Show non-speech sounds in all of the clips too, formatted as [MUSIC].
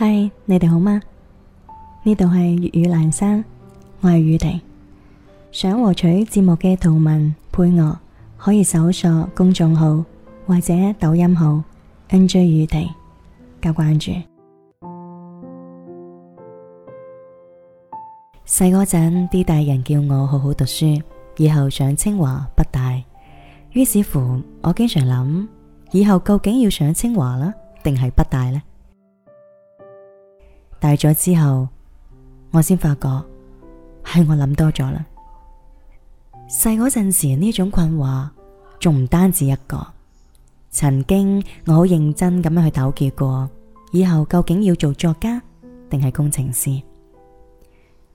嗨，Hi, 你哋好嗎？呢度係粵語闌珊，我係宇婷。想獲取節目嘅圖文配樂，可以搜索公眾號或者抖音號 NJ 宇婷加關注。細嗰陣，啲大人叫我好好讀書，以後上清華北大。於是乎，我經常諗，以後究竟要上清華啦，定係北大呢？大咗之後，我先發覺係我諗多咗啦。細嗰陣時呢種困惑，仲唔單止一個。曾經我好認真咁樣去糾結過，以後究竟要做作家定係工程師。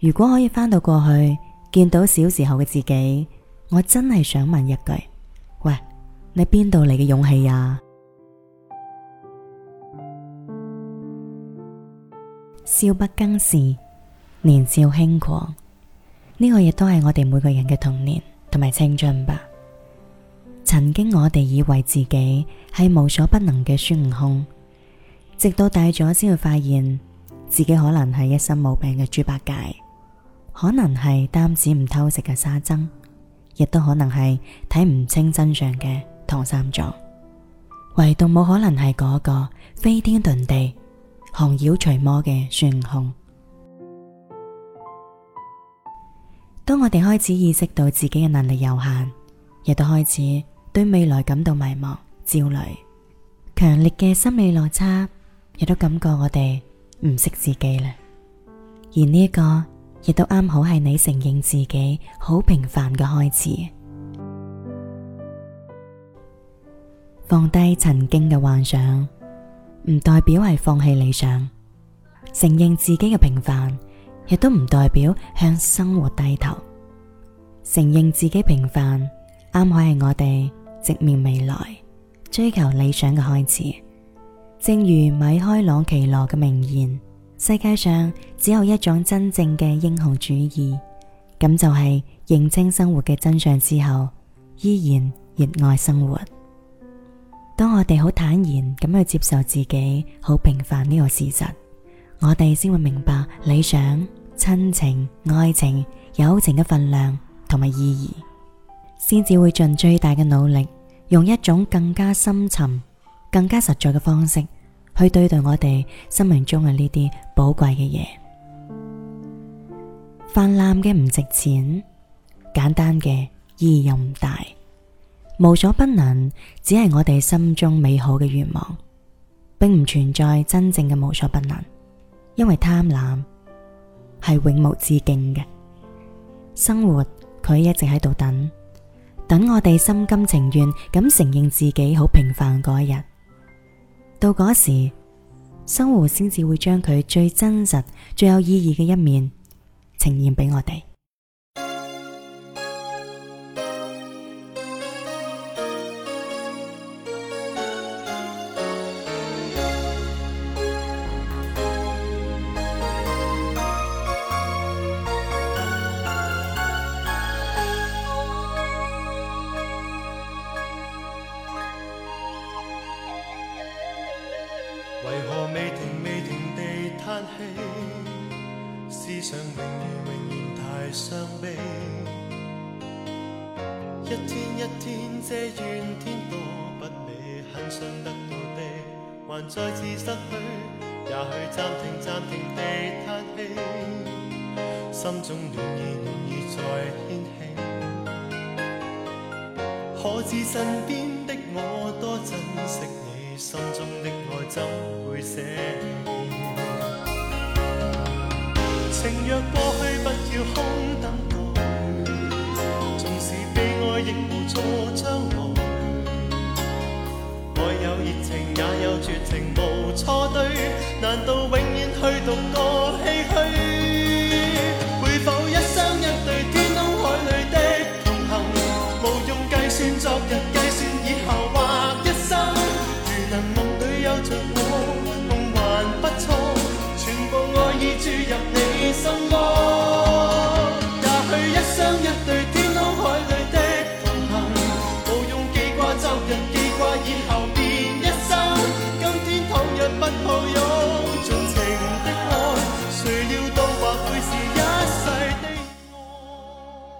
如果可以翻到過去，見到小時候嘅自己，我真係想問一句：喂，你邊度嚟嘅勇氣呀、啊？少不更事，年少輕狂，呢個亦都係我哋每個人嘅童年同埋青春吧。曾經我哋以為自己係無所不能嘅孫悟空，直到大咗先會發現自己可能係一身毛病嘅豬八戒，可能係擔子唔偷食嘅沙僧，亦都可能係睇唔清真相嘅唐三藏，唯獨冇可能係嗰個飛天遁地，降妖除魔嘅孫悟空，當我哋開始意識到自己嘅能力有限，亦都開始對未來感到迷茫、焦慮，強烈嘅心理落差，亦都感覺我哋唔識自己啦。而呢、這、一個亦都啱好係你承認自己好平凡嘅開始，放低曾經嘅幻想。唔代表係放棄理想，承認自己嘅平凡，亦都唔代表向生活低頭。承認自己平凡，啱好係我哋直面未來、追求理想嘅開始。正如米開朗琪羅嘅名言：世界上只有一種真正嘅英雄主義，咁就係認清生活嘅真相之後，依然熱愛生活。當我哋好坦然咁去接受自己好平凡呢個事實，我哋先會明白理想、親情、愛情、友情嘅分量同埋意義，先至會盡最大嘅努力，用一種更加深沉、更加實在嘅方式去對待我哋生命中嘅呢啲寶貴嘅嘢。泛濫嘅唔值錢，簡單嘅意義又唔大。無所不能，只係我哋心中美好嘅願望，並唔存在真正嘅無所不能，因為貪婪係永無止境嘅。生活佢一直喺度等，等我哋心甘情願咁承認自己好平凡嗰一日，到嗰時，生活先至會將佢最真實、最有意義嘅一面呈現俾我哋。想永遠永遠太傷悲，一天一天這怨天多不美，很想得到你，還再次失去。也許暫停暫停地嘆氣，心中願意願意再牽起。可知身邊的我多珍惜你，心中的愛怎會捨棄？情若過去，不要空等待。縱是悲哀亦無從將來。愛有熱情，也有絕情，無錯對，難道永遠去獨個？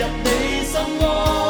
入你心窩。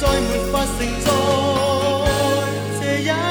再沒法承載。 [NOISE]